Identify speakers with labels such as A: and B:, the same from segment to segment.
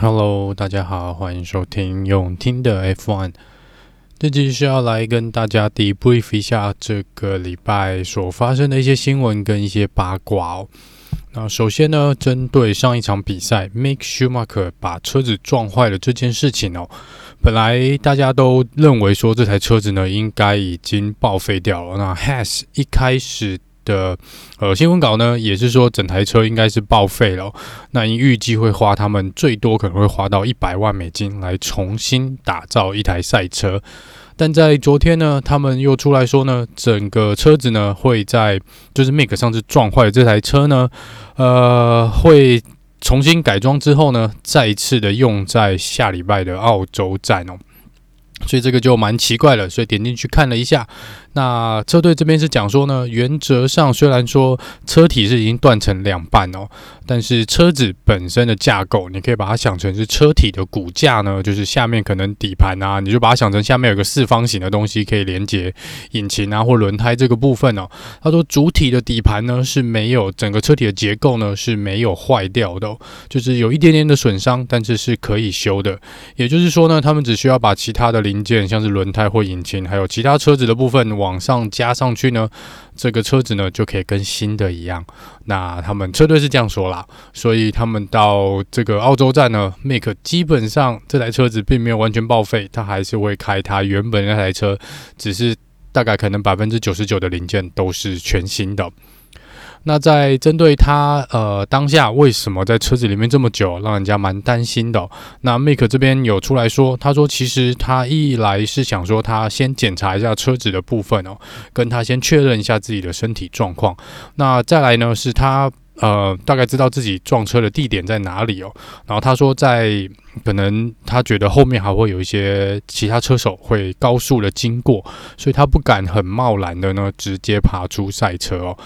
A: Hello，大家好，歡迎收聽用聽的 F One。這期是要來跟大家 debrief 一下這個禮拜所發生的一些新聞跟一些八卦哦。那首先呢，針對上一場比賽，Mick Schumacher 把車子撞壞了這件事情哦，本來大家都認為說這台車子呢應該已經報廢掉了。那 Haas 一開始。的呃，新聞稿呢，也是說整台車應該是報廢了喔，那預計會花他們最多可能會花到一百萬美金來重新打造一台賽車。但在昨天呢，他們又出來說呢，整個車子呢會在就是 Mick 上次撞壞的這台車呢，呃，會重新改裝之後呢，再次的用在下禮拜的澳洲站哦。所以這個就蠻奇怪了，所以點進去看了一下。那車隊這邊是講說呢，原則上雖然說車體是已經斷成兩半哦，但是車子本身的架構，你可以把它想成是車體的骨架呢，就是下面可能底盤啊，你就把它想成下面有個四方形的東西可以連接引擎啊或輪胎這個部分哦。他說主體的底盤呢是沒有，整個車體的結構呢是沒有壞掉的喔，就是有一點點的損傷，但是是可以修的。也就是說呢，他們只需要把其他的零件，像是輪胎或引擎，還有其他車子的部分。往上加上去呢，這個車子呢就可以跟新的一樣。那他們車隊是這樣說啦，所以他們到這個澳洲站呢，Make 基本上這台車子並沒有完全報廢，它還是會開它原本那台車，只是大概可能百分之九十九的零件都是全新的。那在針對他，呃，當下為什麼在車子裡面這麼久，讓人家蠻擔心的喔。那 Mick 這邊有出來說，他說，其實他一來是想說，他先檢查一下車子的部分哦喔，跟他先確認一下自己的身體狀況。那再來呢，是他。呃，大概知道自己撞車的地點在哪裡哦，然後他說，在可能他覺得後面還會有一些其他車手會高速的經過，所以他不敢很貿然的呢直接爬出賽車哦，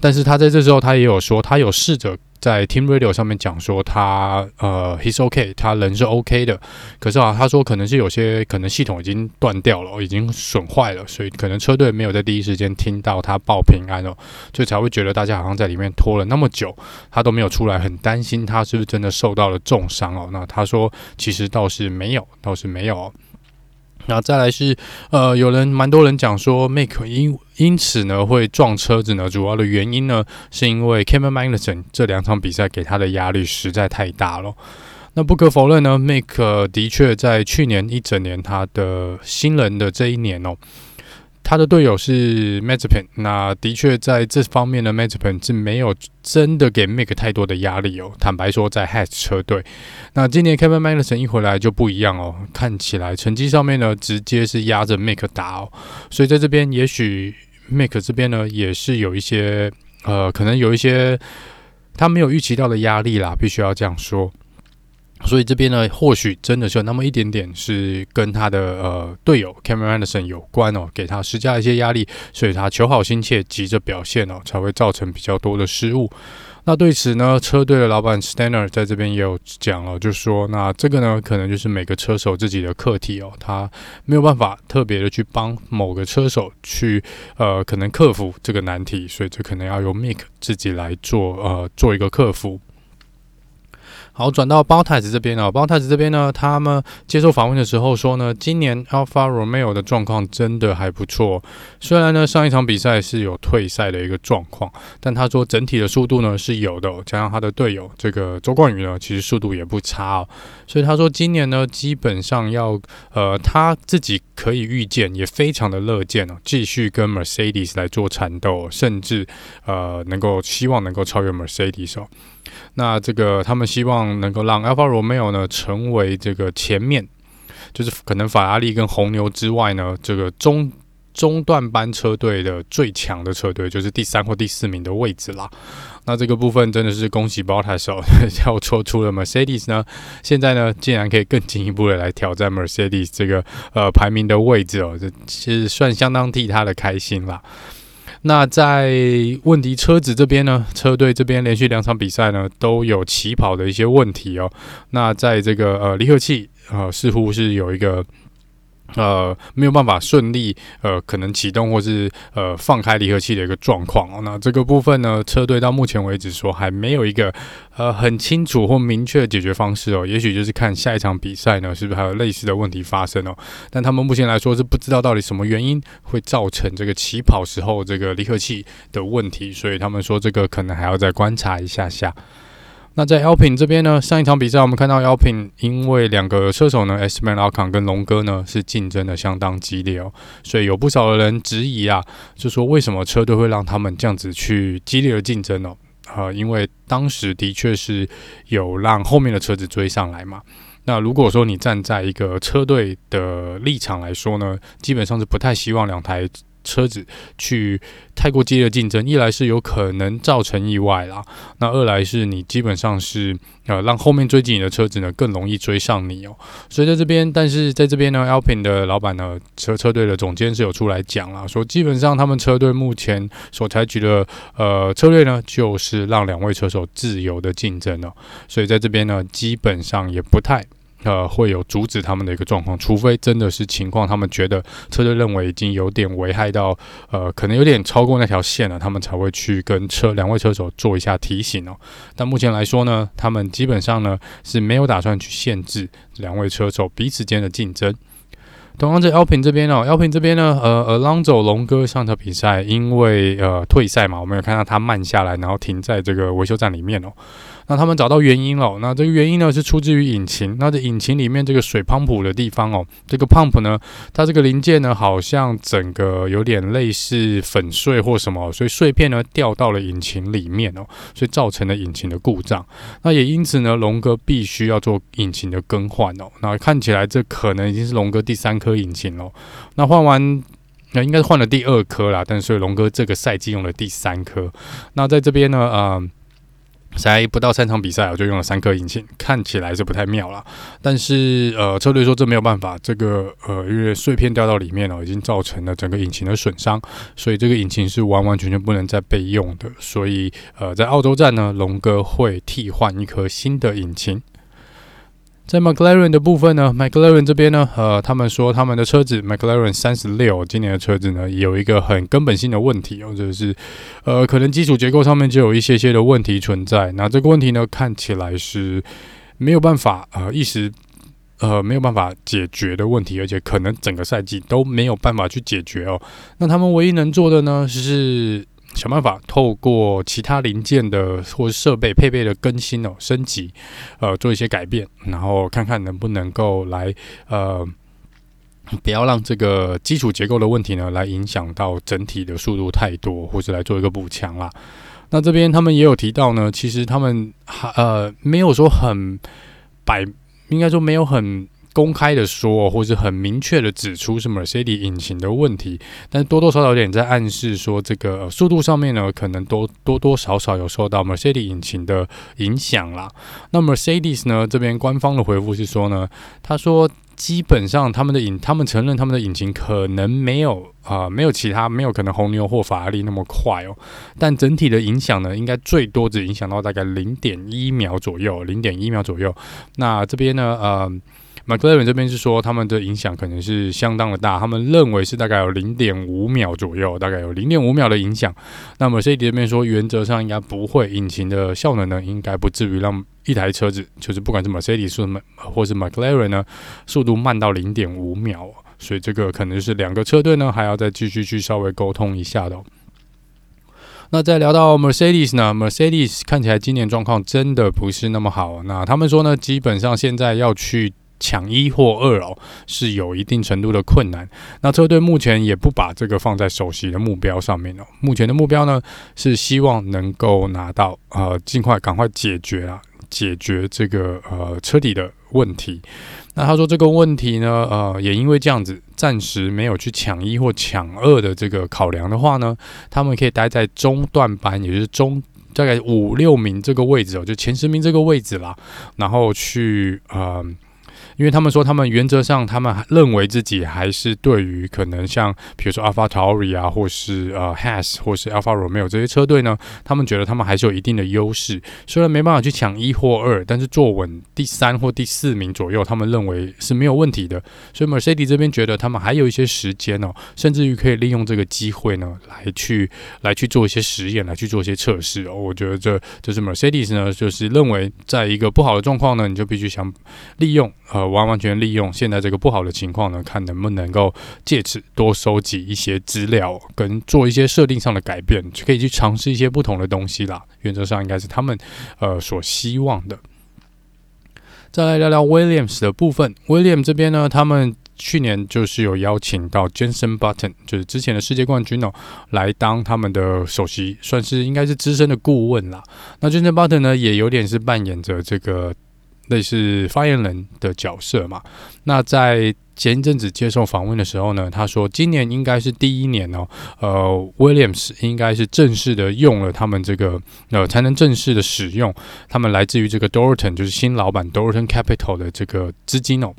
A: 但是他在這時候他也有說，他有試着。在 Team Radio 上面講說他，他呃，he's okay，他人是 OK 的。可是啊，他說可能是有些可能系統已經斷掉了，已經損壞了，所以可能車隊沒有在第一時間聽到他報平安哦，所以才會覺得大家好像在裡面拖了那麼久，他都沒有出來，很擔心他是不是真的受到了重傷哦。那他說其實倒是沒有，倒是沒有哦。後、啊、再來是，呃，有人蠻多人講說，Make 因因此呢會撞車子呢，主要的原因呢是因為 Cameron Magnussen 這兩場比賽給他的壓力實在太大了。那不可否認呢，Make、呃、的確在去年一整年他的新人的這一年哦。他的隊友是 Mazepin 那的確在這方面呢 Mazepin 是沒有真的給 Mick 太多的壓力哦。坦白說，在 Haas 車隊，那今年 Kevin Magnussen 一回來就不一樣哦，看起來成績上面呢，直接是壓着 Mick 打哦。所以在這邊，也許 Mick 這邊呢，也是有一些呃，可能有一些他沒有預期到的壓力啦，必須要這樣說。所以這邊呢，或許真的是有那麼一點點是跟他的呃隊友 Cameron Anderson 有關哦，給他施加一些壓力，所以他求好心切，急着表現哦，才會造成比較多的失誤。那對此呢，車隊的老板 Steiner 在這邊也有講哦，就說那這個呢，可能就是每個車手自己的課題哦，他沒有辦法特別的去幫某個車手去呃可能克服這個難題，所以這可能要由 Mick 自己來做呃做一個克服。好，轉到包太子這邊啊、喔。包太子這邊呢，他們接受訪問的時候說呢，今年 Alpha Romeo 的狀況真的還不錯、喔。雖然呢，上一場比賽是有退賽的一個狀況，但他說整體的速度呢是有的、喔，加上他的隊友這個周冠宇呢，其實速度也不差、喔、所以他說，今年呢，基本上要呃，他自己可以預見，也非常的樂見哦、喔，繼續跟 Mercedes 來做纏鬥、喔，甚至呃，能夠希望能夠超越 Mercedes、喔。那這個，他們希望能夠讓 Alfa Romeo 呢成為這個前面，就是可能法拉利跟紅牛之外呢，這個中中段班車隊的最強的車隊，就是第三或第四名的位置啦。那這個部分真的是恭喜 Bottas 要抽出了 Mercedes 呢，現在呢竟然可以更進一步的來挑戰 Mercedes 這個呃排名的位置哦，、喔，這其實算相當替他的開心啦。那在問題車子這邊呢？車隊這邊連續兩場比賽呢，都有起跑的一些問題哦、喔。那在這個呃離合器啊、呃，似乎是有一個。呃，沒有辦法順利呃，可能啟動或是呃放開離合器的一個狀況哦。那這個部分呢，車隊到目前為止說還沒有一個呃很清楚或明確的解決方式哦。也許就是看下一場比賽呢，是不是還有類似的問題發生哦。但他們目前來說是不知道到底什麼原因會造成這個起跑時候這個離合器的問題，所以他們說這個可能還要再觀察一下下。那在 Alpine 這邊呢，上一場比賽我們看到 Alpine 因為兩個車手呢 Esteban Ocon 跟龍哥呢是競爭的相當激烈哦，喔，所以有不少的人質疑啊，就說為什麼車隊會讓他們這樣子去激烈的競爭呢？啊，因為當時的確是有讓後面的車子追上來嘛。那如果說你站在一個車隊的立場來說呢，基本上是不太希望兩台。車子去太過激烈的競爭，一來是有可能造成意外啦，那二來是你基本上是呃，讓後面追近你的車子呢更容易追上你哦。所以在這邊，但是在這邊呢，Alpine 的老闆呢車車隊的總監是有出來講啦，說基本上他們車隊目前所採取的呃策略，呢，就是讓兩位車手自由的競爭哦。所以在這邊呢，基本上也不太。呃，會有阻止他們的一個狀況，除非真的是情況，他們覺得車隊認為已經有點危害到，呃，可能有點超過那條線了，他們才會去跟車兩位車手做一下提醒哦。但目前來說呢，他們基本上呢是沒有打算去限制兩位車手彼此間的競爭。同樣在 Alpine 這邊哦，Alpine 這邊呢，呃呃，Alonso 龍哥上場比賽因為呃退賽嘛，我們有看到他慢下來，然後停在這個維修站裡面哦。那他們找到原因了喔，那這個原因呢是出自於引擎，那這引擎裡面這個水泵浦的地方哦，這個泵浦呢，它這個零件呢好像整個有點類似粉碎或什麼，所以碎片呢掉到了引擎裡面哦，所以造成了引擎的故障。那也因此呢，龍哥必須要做引擎的更換哦。那看起來這可能已經是龍哥第三顆引擎了喔，那換完那，呃，應該是換了第二顆啦。但是所以龍哥這個賽季用了第三顆。那在這邊呢，嗯。才不到三場比賽，我就用了三顆引擎，看起來是不太妙了。但是，呃，車隊說這沒有辦法，這個，呃，因為碎片掉到裡面了，已經造成了整個引擎的損傷，所以這個引擎是完完全全不能再被用的。所以，呃，在澳洲站呢，龍哥會替換一顆新的引擎。在 McLaren 的部分呢，McLaren 這邊呢，呃，他們說他們的車子 McLaren 三十六今年的車子呢，有一個很根本性的問題，哦，就是，呃，可能基礎結構上面就有一些些的問題存在。那這個問題呢，看起來是沒有辦法啊，呃，一時呃沒有辦法解決的問題，而且可能整個賽季都沒有辦法去解決哦。那他們唯一能做的呢，是。想辦法透過其他零件的或設備配備的更新哦、喔、升級，呃做一些改變，然後看看能不能夠來呃，不要讓這個基礎結構的問題呢來影響到整體的速度太多，或者來做一個補強啦。那這邊他們也有提到呢，其實他們還呃沒有說很擺，應該說沒有很。公開的說，或是很明確的指出是 Mercedes 引擎的問題，但多多少少有點在暗示說，這個、呃、速度上面呢，可能都多，多多少少有受到 Mercedes 引擎的影響啦。那 Mercedes 呢這邊官方的回復是說呢，他說基本上他們的引，他們承認他們的引擎可能沒有啊、呃，沒有其他，沒有可能紅牛或法拉利那麼快哦。但整體的影響呢，應該最多只影響到大概零點一秒左右，零點一秒左右。那這邊呢，呃。McLaren 這邊是說，他們的影響可能是相當的大，他們認為是大概有零點五秒左右，大概有零點五秒的影響。那麼 Mercedes 這邊說，原則上應該不會，引擎的效能呢，應該不至於讓一台車子，就是不管是 Mercedes 或是 McLaren 呢，速度慢到零點五秒。所以這個可能是兩個車隊呢，還要再繼續去稍微溝通一下的。那再聊到 Mercedes 呢，Mercedes 看起來今年狀況真的不是那麼好。那他們說呢，基本上現在要去。搶一或二哦，是有一定程度的困難。那車隊目前也不把這個放在首席的目標上面哦。目前的目標呢，是希望能夠拿到呃，儘快趕快解決啦，解決這個呃車底的問題。那他說這個問題呢，呃，也因為這樣子，暫時沒有去搶一或搶二的這個考量的話呢，他們可以待在中段班，也就是中大概五六名這個位置哦，就前十名這個位置啦，然後去呃。因為他們說，他們原則上，他們還認為自己還是對於可能像，比如說 Alpha Tauri 啊，或是呃 Has，或是 Alpha Romeo 這些車隊呢，他們覺得他們還是有一定的優勢。雖然沒辦法去搶一或二，但是坐穩第三或第四名左右，他們認為是沒有問題的。所以，Mercedes 這邊覺得他們還有一些時間呢，甚至於可以利用這個機會呢，來去來去做一些實驗，來去做一些測試。哦，我覺得這就是 Mercedes 呢，就是認為在一個不好的狀況呢，你就必須想利用、呃完完全利用現在這個不好的情況呢，看能不能夠借此多收集一些資料，跟做一些設定上的改變，就可以去嘗試一些不同的東西啦。原則上應該是他們呃所希望的。再來聊聊 Williams 的部分，Williams 這邊呢，他們去年就是有邀請到 Jenson Button，就是之前的世界冠軍哦、喔，來當他們的首席，算是應該是資深的顧問啦。那 Jenson Button 呢，也有點是扮演着這個。那是發言人的角色嘛？那在前一陣子接受訪問的時候呢，他說今年應該是第一年哦。呃，Williams 應該是正式的用了他們這個呃，才能正式的使用他們來自於這個 Dorilton，就是新老闆 Dorilton Capital 的這個資金哦。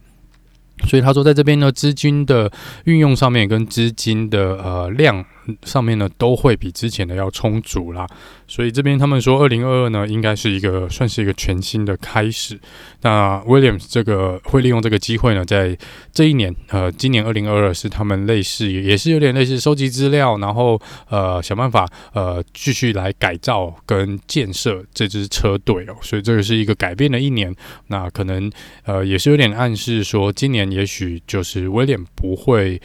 A: 所以他說，在這邊呢，資金的運用上面跟資金的呃量。上面呢都會比之前的要充足啦，所以這邊他們說，二零二二呢應該是一個算是一個全新的開始。那 Williams 這個會利用這個機會呢，在這一年，呃，今年二零二二是他們類似也是有點類似收集資料，然後呃想辦法呃繼續來改造跟建設這支車隊哦，所以這個是一個改變的一年。那可能呃也是有點暗示說，今年也許就是威廉不會。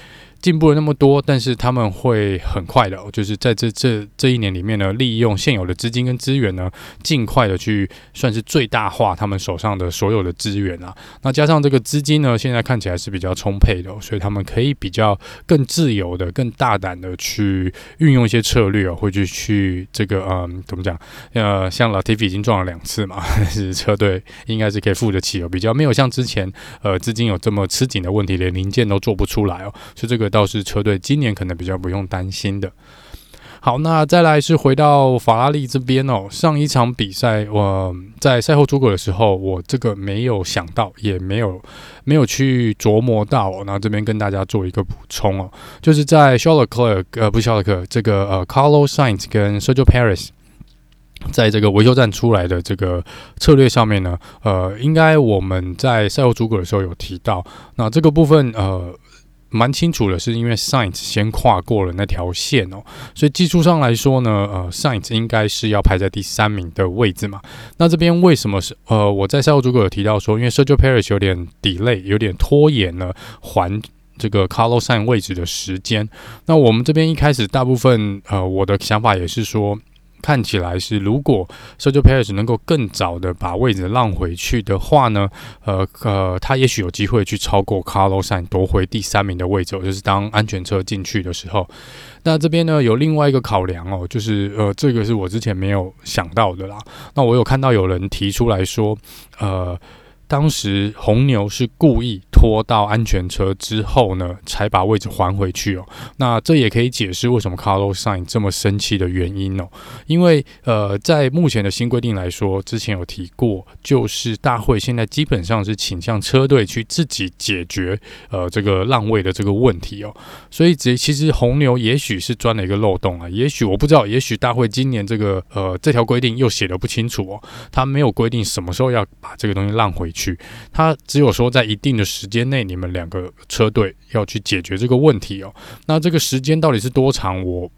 A: 進步了那麼多，但是他們會很快的、哦，就是在這這這一年裡面呢，利用現有的資金跟資源呢，盡快的去算是最大化他們手上的所有的資源啊。那加上這個資金呢，現在看起來是比較充沛的、哦，所以他們可以比較更自由的、更大膽的去運用一些策略啊、哦，會去去這個嗯、呃、怎麼講呃，像 Latifi 已經撞了兩次嘛，是車隊應該是可以付得起哦，比較沒有像之前呃資金有這麼吃緊的問題，連零件都做不出來哦，是這個。要是車隊今年可能比較不用擔心的。好，那再來是回到法拉利這邊哦、喔。上一場比賽，我、呃、在賽後諸葛的時候，我這個沒有想到，也沒有沒有去琢磨到哦、喔。那這邊跟大家做一個補充哦、喔，就是在 Charles Leclerc 呃，不是 Charles Leclerc 這個呃，Carlos Sainz 跟 Sergio Perez 在這個維修站出來的這個策略上面呢，呃，應該我們在賽後諸葛的時候有提到，那這個部分呃。蠻清楚的，是因為 Sainz 先跨過了那條線哦、喔，所以技術上來說呢，呃，Sainz 應該是要排在第三名的位置嘛。那這邊為什麼是呃，我在賽後如果有提到說，因為 Sergio Perez 有點 delay，有點拖延了還這個 Carlos Sainz 位置的時間。那我們這邊一開始大部分呃，我的想法也是說。看起來是，如果 Sergio Perez 能夠更早的把位置讓回去的話呢，呃呃，他也許有機會去超過 Carlos Sainz 奪回第三名的位置，就是當安全車進去的時候。那這邊呢，有另外一個考量哦、喔，就是呃，這個是我之前沒有想到的啦。那我有看到有人提出來說，呃。當時紅牛是故意拖到安全車之後呢，才把位置還回去哦、喔。那這也可以解釋為什麼 Carlos Sainz 這麼生氣的原因哦、喔。因為呃，在目前的新規定來說，之前有提過，就是大會現在基本上是傾向車隊去自己解決呃這個讓位的這個問題哦、喔。所以其實紅牛也許是鑽了一個漏洞啊，也許我不知道，也許大會今年這個呃這條規定又寫得不清楚哦、喔，他沒有規定什麼時候要把這個東西讓回去。去，他只有說在一定的時間內，你們兩個車隊要去解決這個問題哦。那這個時間到底是多長？我。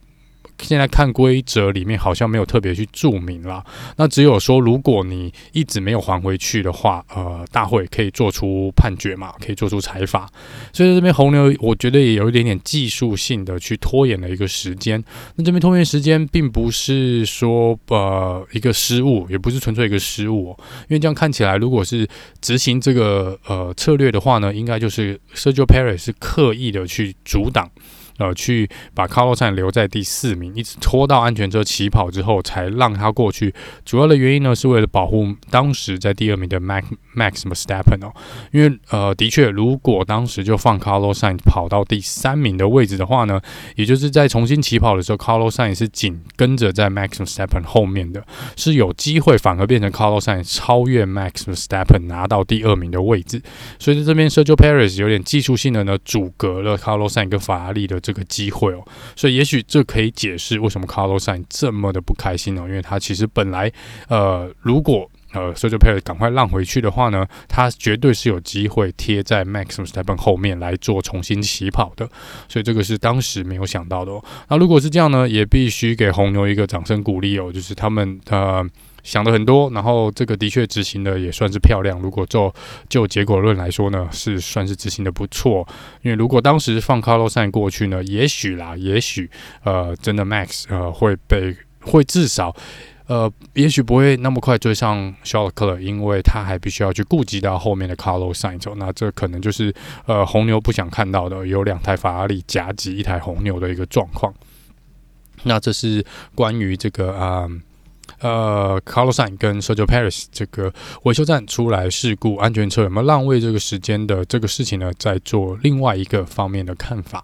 A: 現在看規則裡面好像沒有特別去註明了，那只有說如果你一直沒有還回去的話，呃，大會可以做出判決嘛，可以做出裁罰。所以在這邊紅牛我覺得也有一點點技術性的去拖延了一個時間。那這邊拖延時間並不是說呃一個失誤，也不是純粹一個失誤，哦，因為這樣看起來，如果是執行這個呃策略的話呢，應該就是 Sergio Perez 是刻意的去阻擋。呃，去把 Carlos Sainz 留在第四名，一直拖到安全車起跑之後，才讓他過去。主要的原因呢，是為了保護當時在第二名的 Max Max Verstappen 哦。因為呃，的確，如果當時就放 Carlos Sainz 跑到第三名的位置的話呢，也就是在重新起跑的時候，Carlos Sainz 也是緊跟着在 Max Verstappen 後面的，是有機會反而變成 Carlos Sainz 超越 Max Verstappen 拿到第二名的位置。所以在這邊，Sergio Perez 有點技術性的呢，阻隔了 Carlos Sainz 一個法拉利的。這個機會哦，所以也許這可以解釋為什麼 Carlos Sainz 這麼的不開心哦，因為他其實本來呃，如果呃，Sergio Perez 趕快讓回去的話呢，他絕對是有機會貼在 Max Verstappen 後面來做重新起跑的，所以這個是當時沒有想到的哦。那如果是這樣呢，也必須給紅牛一個掌聲鼓勵哦，就是他們呃。想的很多，然後這個的確執行的也算是漂亮。如果就就結果論來說呢，是算是執行的不錯。因為如果當時放 Carlos Sainz 過去呢，也許啦，也許呃，真的 Max 呃會被會至少呃，也許不會那麼快追上 Leclerc 因為他還必須要去顧及到後面的 Carlos Sainz 走。那這可能就是呃紅牛不想看到的，有兩台法拉利夾擊一台紅牛的一個狀況。那這是關於這個啊。嗯呃 Carlos Sainz 跟 Sergio Perez 這個維修站出來事故，安全車有沒有浪費這個時間的這個事情呢？在做另外一個方面的看法。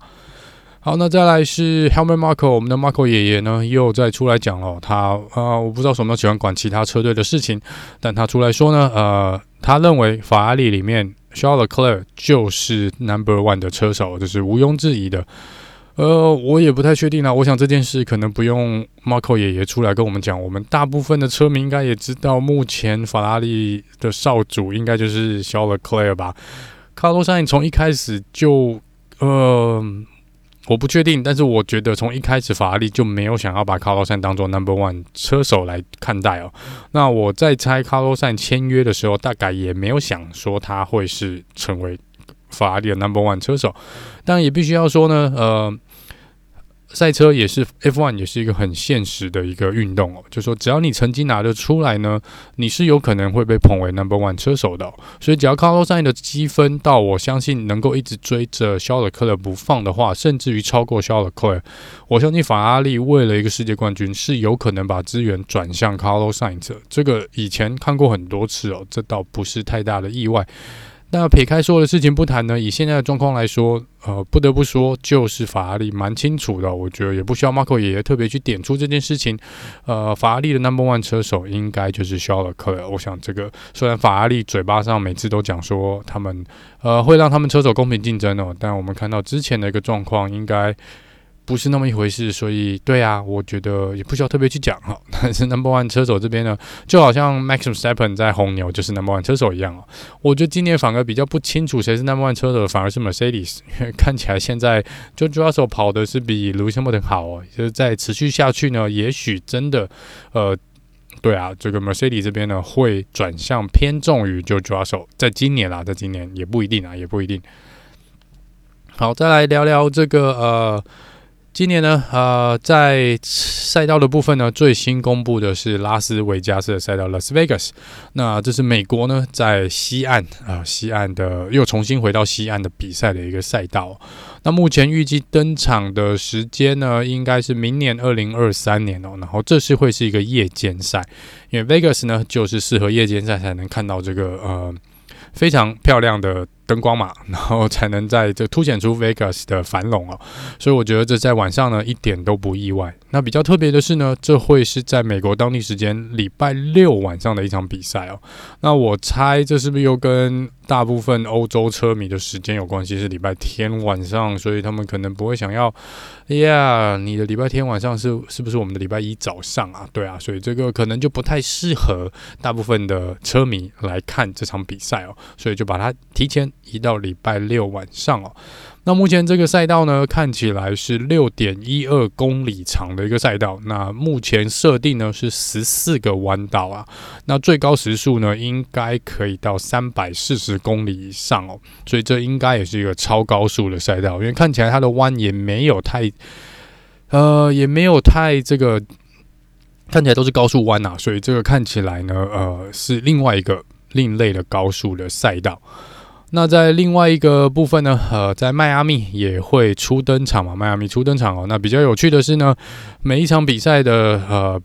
A: 好，那再來是 Helmut Marko，我們的 Marko 爺爺呢又再出來講了他，他、呃、啊，我不知道什麼喜歡管其他車隊的事情，但他出來說呢，呃，他認為法拉利裡面 Charles Leclerc 就是 Number One 的車手，這、就是毋庸置疑的。呃，我也不太確定啦。我想這件事可能不用 Marco 爺爺出來跟我們講，我們大部分的車迷應該也知道，目前法拉利的少主應該就是肖勒克萊爾吧？卡羅山從一開始就，呃，我不確定，但是我覺得從一開始法拉利就沒有想要把卡羅山當做 number one 車手來看待哦、喔。那我在猜卡羅山簽約的時候，大概也沒有想說他會是成為法拉利的 number、no. one 車手，但也必須要說呢，呃。賽車也是 F1，也是一個很現實的一個運動哦、喔。就是說只要你成績拿得出來呢，你是有可能會被捧為 Number、no. One 車手的、喔。所以，只要 Carlos Sainz 的積分到，我相信能夠一直追着 Charles Leclerc 不放的話，甚至於超過 Charles Leclerc，我相信法拉利為了一個世界冠軍，是有可能把資源轉向 Carlos Sainz。這個以前看過很多次哦、喔，這倒不是太大的意外。那撇開所有的事情不談呢，以現在的狀況來說，呃，不得不說，就是法拉利蠻清楚的，我覺得也不需要馬可爺爺特別去點出這件事情。呃，法拉利的 Number One 車手應該就是肖勒克了。我想，這個雖然法拉利嘴巴上每次都講說他們呃會讓他們車手公平競爭哦，但我們看到之前的一個狀況，應該，不是那麼一回事，所以對啊，我覺得也不需要特別去講。哈，但是 number one 車手這邊呢，就好像 Max Verstappen 在紅牛，就是 number one 車手一樣喔。哦，我覺得今年反而比較不清楚誰是 number one 車手，反而是 Mercedes。因為看起來現在 George Russell 跑的是比 lucy moore 的好喔，就是在持續下去呢，也許真的呃……對啊，這個 Mercedes 這邊呢，會轉向偏重於 George Russell，在今年啦，在今年也不一定啊，也不一定。好，再來聊聊這個呃。今年呢，呃，在賽道的部分呢，最新公布的是拉斯維加斯的賽道 （Las Vegas）。那這是美國呢，在西岸啊，呃，西岸的又重新回到西岸的比賽的一個賽道。那目前預計登場的時間呢，應該是明年二零二三年哦，喔。然後這是會是一個夜間賽，因為 Vegas 呢就是適合夜間賽才能看到這個呃非常漂亮的。燈光嘛，然後才能在這凸顯出 Vegas 的繁榮哦。所以我覺得這在晚上呢一點都不意外。那比較特別的是呢，這會是在美國當地時間禮拜六晚上的一場比賽哦。那我猜這是不是又跟大部分歐洲車迷的時間有關係？是禮拜天晚上，所以他們可能不會想要，哎呀，你的禮拜天晚上是是不是我們的禮拜一早上啊？對啊，所以這個可能就不太適合大部分的車迷來看這場比賽哦。所以就把它提前。一到禮拜六晚上哦。那目前這個賽道呢，看起來是六點一二公里長的一個賽道。那目前設定呢是十四個彎道啊。那最高時速呢，應該可以到三百四十公里以上哦。所以這應該也是一個超高速的賽道，因為看起來它的彎也沒有太，呃，也沒有太這個，看起來都是高速彎啊。所以這個看起來呢，呃，是另外一個另類的高速的賽道。那在另外一個部分呢，呃，在邁阿密也會初登場嘛、啊，邁阿密初登場哦。那比較有趣的是呢，每一場比賽的呃，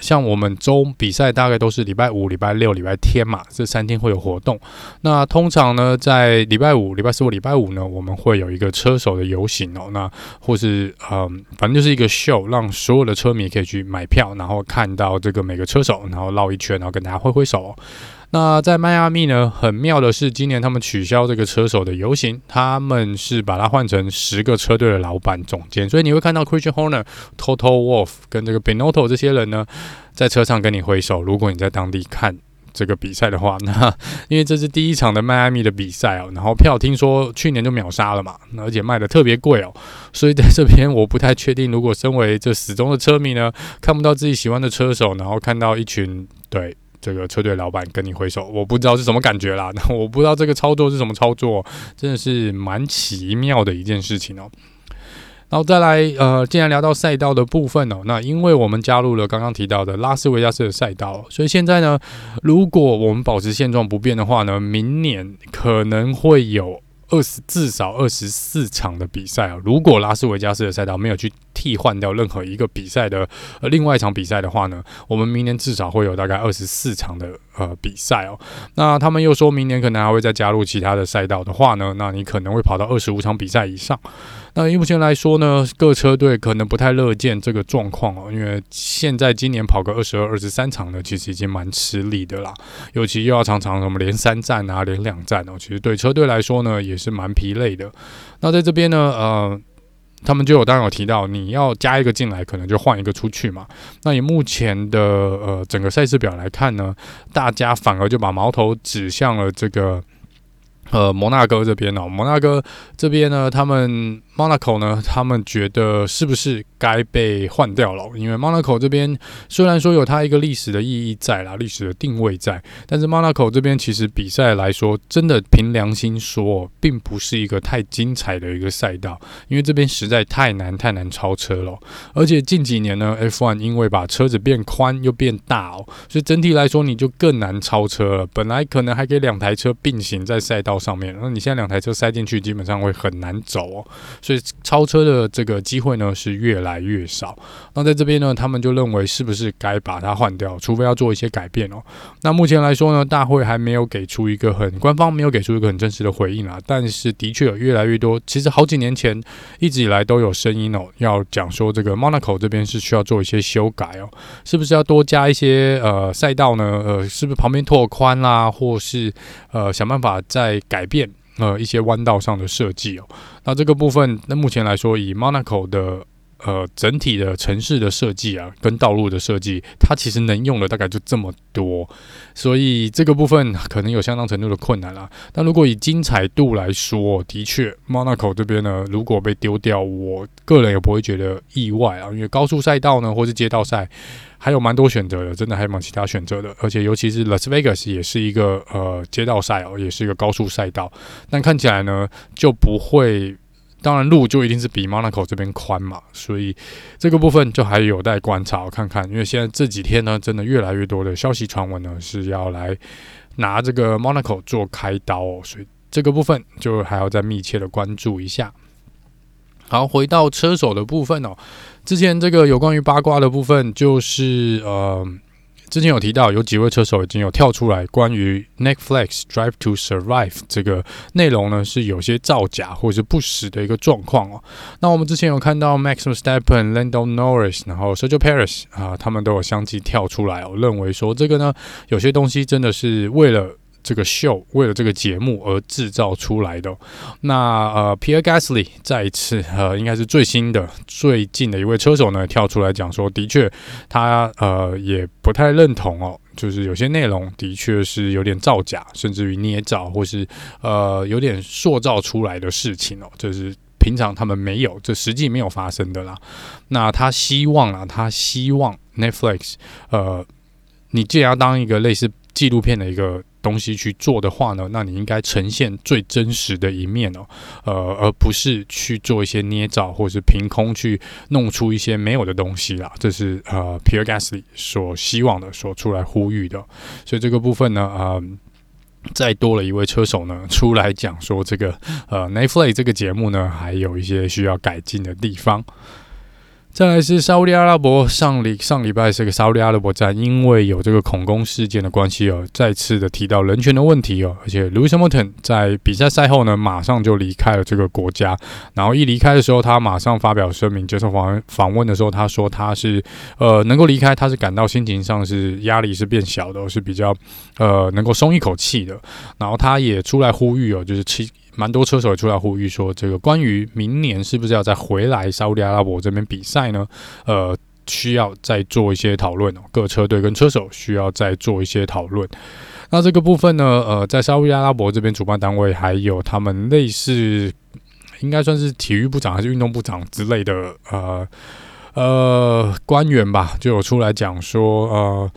A: 像我們周比賽大概都是禮拜五、禮拜六、禮拜天嘛，這三天會有活動。那通常呢，在禮拜五、禮拜四或禮拜五呢，我們會有一個車手的遊行哦，那或是嗯、呃，反正就是一個秀，讓所有的車迷可以去買票，然後看到這個每個車手，然後繞一圈，然後跟大家揮揮手、哦。那在邁阿密呢，很妙的是，今年他們取消這個車手的遊行，他們是把它換成十個車隊的老板總監，所以你會看到 Christian Horner、Toto Wolff 跟這個 Binotto 這些人呢，在車上跟你揮手。如果你在當地看這個比賽的話，那因為這是第一場的邁阿密的比賽哦、喔，然後票聽說去年就秒殺了嘛，而且賣得特別貴哦，所以在這邊我不太確定，如果身為這死忠的車迷呢，看不到自己喜歡的車手，然後看到一群對。這個車隊老板跟你揮手，我不知道是什麼感覺啦。那我不知道這個操作是什麼操作，真的是蠻奇妙的一件事情哦、喔。然後再來，呃，既然聊到賽道的部分哦、喔，那因為我們加入了剛剛提到的拉斯維加斯的賽道，所以現在呢，如果我們保持現狀不變的話呢，明年可能會有，二十至少二十四場的比賽啊！如果拉斯維加斯的賽道沒有去替換掉任何一個比賽的另外一場比賽的話呢，我們明年至少會有大概二十四場的呃比賽哦。那他們又說明年可能還會再加入其他的賽道的話呢，那你可能會跑到二十五場比賽以上。那以目前來說呢，各車隊可能不太樂見這個狀況哦，因為現在今年跑個二十二、二十三場呢，其實已經蠻吃力的啦。尤其又要常常什麼連三站啊、連兩站哦，其實對車隊來說呢，也是蠻疲累的。那在這邊呢，呃，他們就有當然有提到，你要加一個進來，可能就換一個出去嘛。那以目前的呃整個賽事表來看呢，大家反而就把矛頭指向了這個。呃，摩納哥這邊呢，哦，摩納哥這邊呢，他們 Monaco 呢，他們覺得是不是該被換掉了，因為 Monaco 這邊雖然說有它一個歷史的意義在啦，歷史的定位在，但是 Monaco 這邊其實比賽來說，真的憑良心說，並不是一個太精彩的一個賽道，因為這邊實在太難太難超車了，而且近幾年呢，F1 因為把車子變寬又變大哦，所以整體來說你就更難超車了，本來可能還可以兩台車並行在賽道上面，那你現在兩台車塞進去，基本上會很難走哦，所以超車的這個機會呢是越來，越來越少。那在這邊呢，他們就認為是不是該把它換掉？除非要做一些改變哦。那目前來說呢，大會還沒有給出一個很官方，沒有給出一個很真實的回應啊。但是的確有越來越多，其實好幾年前一直以來都有聲音哦，要講說這個 Monaco 這邊是需要做一些修改哦，是不是要多加一些呃賽道呢？呃，是不是旁邊拓寬啦，或是呃想辦法再改變呃一些彎道上的設計哦？那這個部分，那目前來說以 Monaco 的。呃，整體的城市的設計啊，跟道路的設計，它其實能用的大概就這麼多，所以這個部分可能有相當程度的困難啦。但如果以精彩度來說，的確，Monaco 這邊呢，如果被丟掉，我個人也不會覺得意外啊。因為高速賽道呢，或是街道賽，還有蠻多選擇的，真的還蠻其他選擇的。而且尤其是 Las Vegas 也是一個呃街道賽哦，也是一個高速賽道，但看起來呢就不會。當然，路就一定是比 Monaco 這邊寬嘛，所以這個部分就還有待觀察，我看看。因為現在這幾天呢，真的越來越多的消息傳聞呢是要來拿這個 Monaco 做開刀哦，所以這個部分就還要再密切的關注一下。好，回到車手的部分哦，之前這個有關於八卦的部分就是呃。之前有提到，有幾位車手已經有跳出來，關於 Netflix Drive to Survive 這個內容呢，是有些造假或者是不實的一個狀況哦。那我們之前有看到 Max Verstappen、Lando Norris，然後 Sergio Perez 啊，他們都有相繼跳出來，哦，認為說這個呢，有些東西真的是為了。這個秀為了這個節目而制造出來的、哦。那呃，Pierre Gasly 再一次呃，應該是最新的最近的一位車手呢，跳出來講說的，的確他呃也不太認同哦，就是有些內容的確是有點造假，甚至於捏造，或是呃有點塑造出來的事情哦，這，就是平常他們沒有，這實際沒有發生的啦。那他希望啊，他希望 Netflix 呃，你既然要當一個類似紀錄片的一個。東西去做的話呢，那你應該呈現最真實的一面哦、喔，呃，而不是去做一些捏造或者是憑空去弄出一些沒有的東西啦。這是呃 Pierre Gasly 所希望的，所出來呼籲的。所以這個部分呢，啊、呃，再多了一位車手呢，出來講說這個呃 Netflix 這個節目呢，還有一些需要改進的地方。再來是沙烏地阿拉伯，上禮上禮拜是個沙烏地阿拉伯站，因為有這個恐攻事件的關係哦，再次的提到人權的問題哦，而且 Lewis Hamilton 在比賽賽後呢，馬上就離開了這個國家，然後一離開的時候，他馬上發表聲明，接受訪訪問的時候，他說他是呃能夠離開，他是感到心情上是壓力是變小的，是比較呃能夠鬆一口氣的，然後他也出來呼籲哦，就是蠻多車手也出來呼籲說，這個關於明年是不是要再回來沙烏地阿拉伯這邊比賽呢？呃，需要再做一些討論哦，各車隊跟車手需要再做一些討論。那這個部分呢，呃，在沙烏地阿拉伯這邊主辦單位還有他們類似應該算是體育部長還是運動部長之類的呃呃官員吧，就有出來講說呃。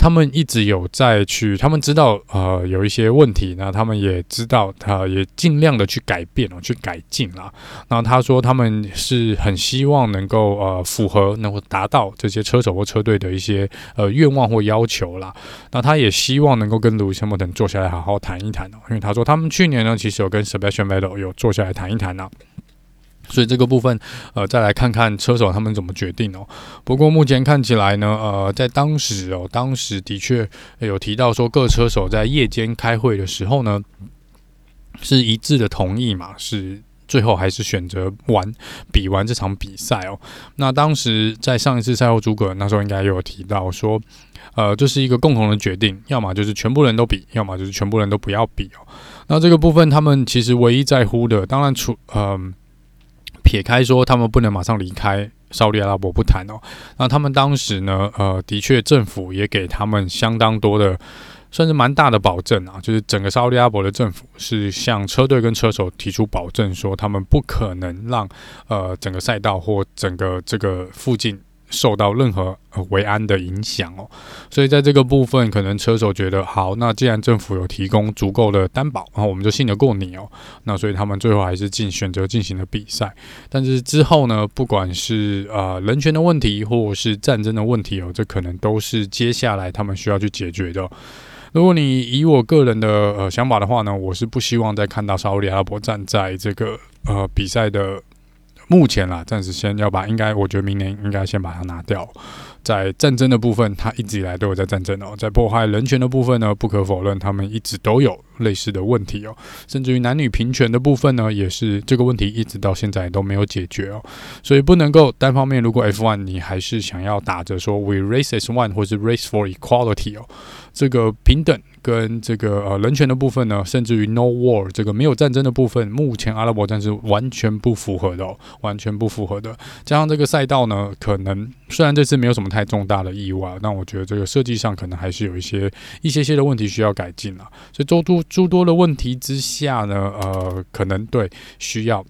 A: 他們一直有在去，他們知道，呃，有一些問題，那他們也知道，他、呃、也盡量的去改變哦、喔，去改進啦。那他說他們是很希望能夠，呃，符合能夠達到這些車手或車隊的一些呃願望或要求啦。那他也希望能夠跟 Lewis Hamilton 坐下來好好談一談哦、喔，因為他說他們去年呢，其實有跟 Sebastian Vettel 有坐下來談一談。所以這個部分，呃，再來看看車手他們怎麼決定哦。不過目前看起來呢，呃，在當時哦，當時的確有提到說，各車手在夜間開會的時候呢，是一致的同意嘛，是最後還是選擇玩比完這場比賽哦。那當時在上一次賽後，諸葛那時候應該也有提到說，呃，這是一個共同的決定，要麼就是全部人都比，要麼就是全部人都不要比哦。那這個部分，他們其實唯一在乎的，當然除嗯。呃撇開說，他們不能馬上離開沙烏地阿拉伯不談哦。那他們當時呢，呃，的確，政府也給他們相當多的，甚至蠻大的保證啊。就是整個沙烏地阿拉伯的政府是向車隊跟車手提出保證，說他們不可能讓呃整個賽道或整個這個附近。受到任何呃維安的影響哦，所以在這個部分，可能車手覺得好，那既然政府有提供足夠的擔保，那、啊、我們就信得過你哦、喔。那所以他們最後還是進選擇進行了比賽。但是之後呢，不管是呃人權的問題，或是戰爭的問題哦、喔，這可能都是接下來他們需要去解決的。如果你以我個人的呃想法的話呢，我是不希望再看到沙烏地阿拉伯站在這個呃比賽的。目前啊，暫時先要把，應該，我覺得明年應該先把它拿掉。在戰爭的部分，他一直以來都有在戰爭哦、喔，在破壞人權的部分呢，不可否認，他們一直都有類似的問題哦、喔。甚至於男女平權的部分呢，也是這個問題一直到現在都沒有解決哦、喔。所以不能夠單方面，如果 F1 你還是想要打着說 We Race As One，或是 Race for Equality 哦、喔，這個平等跟這個呃人權的部分呢，甚至於 No War 這個沒有戰爭的部分，目前阿拉伯戰爭是完全不符合的、喔，完全不符合的。加上這個賽道呢，可能。雖然這次沒有什麼太重大的意外，但我覺得這個設計上可能還是有一些一些些的問題需要改進了。所以諸多諸多的問題之下呢，呃，可能對需要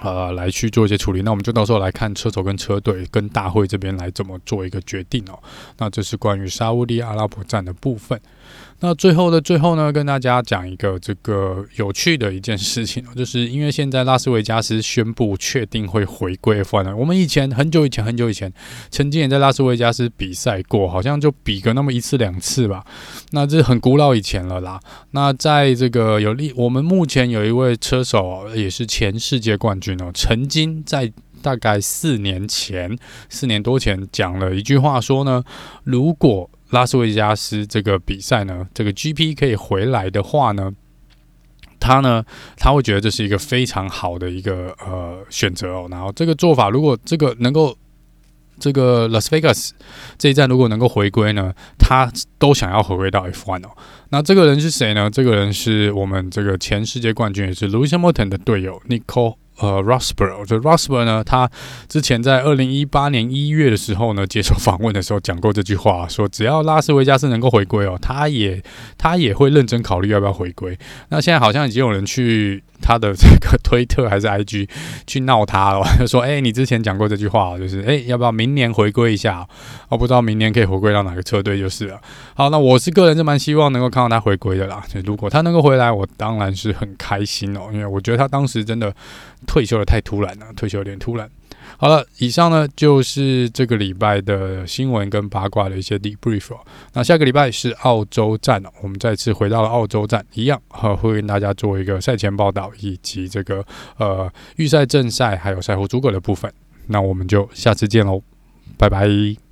A: 呃來去做一些處理。那我們就到時候來看車手跟車隊跟大會這邊來怎麼做一個決定哦。那這是關於沙烏地阿拉伯站的部分。那最後的最後呢，跟大家講一個這個有趣的一件事情，就是因為現在拉斯維加斯宣布確定會回歸了。我們以前很久以前很久以前，曾經也在拉斯維加斯比賽過，好像就比個那麼一次兩次吧。那這很古老以前了啦。那在這個有利，我們目前有一位車手也是前世界冠軍哦，曾經在大概四年前，四年多前講了一句話說呢，如果。拉斯維加斯這個比賽呢，這個 GP 可以回來的話呢，他呢，他會覺得這是一個非常好的一個呃選擇哦、喔。然後這個做法，如果這個能夠這個 Las Vegas 這一站如果能夠回歸呢，他都想要回歸到 F1 哦、喔。那這個人是誰呢？這個人是我們這個前世界冠軍，也是 Lewis Hamilton 的隊友，Nico。呃，羅斯伯格，就羅斯伯格呢，他之前在二零一八年一月的時候呢，接受訪問的時候講過這句話，說只要拉斯維加斯能夠回歸哦，他也他也會認真考慮要不要回歸。那現在好像已經有人去。他的這個推特還是 IG 去鬧他了、哦，就說、欸：“誒你之前講過這句話就是誒、欸、要不要明年回歸一下、哦？我不知道明年可以回歸到哪個車隊就是了。好，那我是個人，是蠻希望能夠看到他回歸的啦。所以如果他能夠回來，我當然是很開心哦，因為我覺得他當時真的退休的太突然了，退休有點突然。”好了，以上呢就是這個禮拜的新聞跟八卦的一些 debrief。那下個禮拜是澳洲站，我們再次回到了澳洲站，一樣、呃、會跟大家做一個賽前報道，以及這個呃預賽、正賽還有賽後諸葛葛的部分。那我們就下次見嘍，拜拜。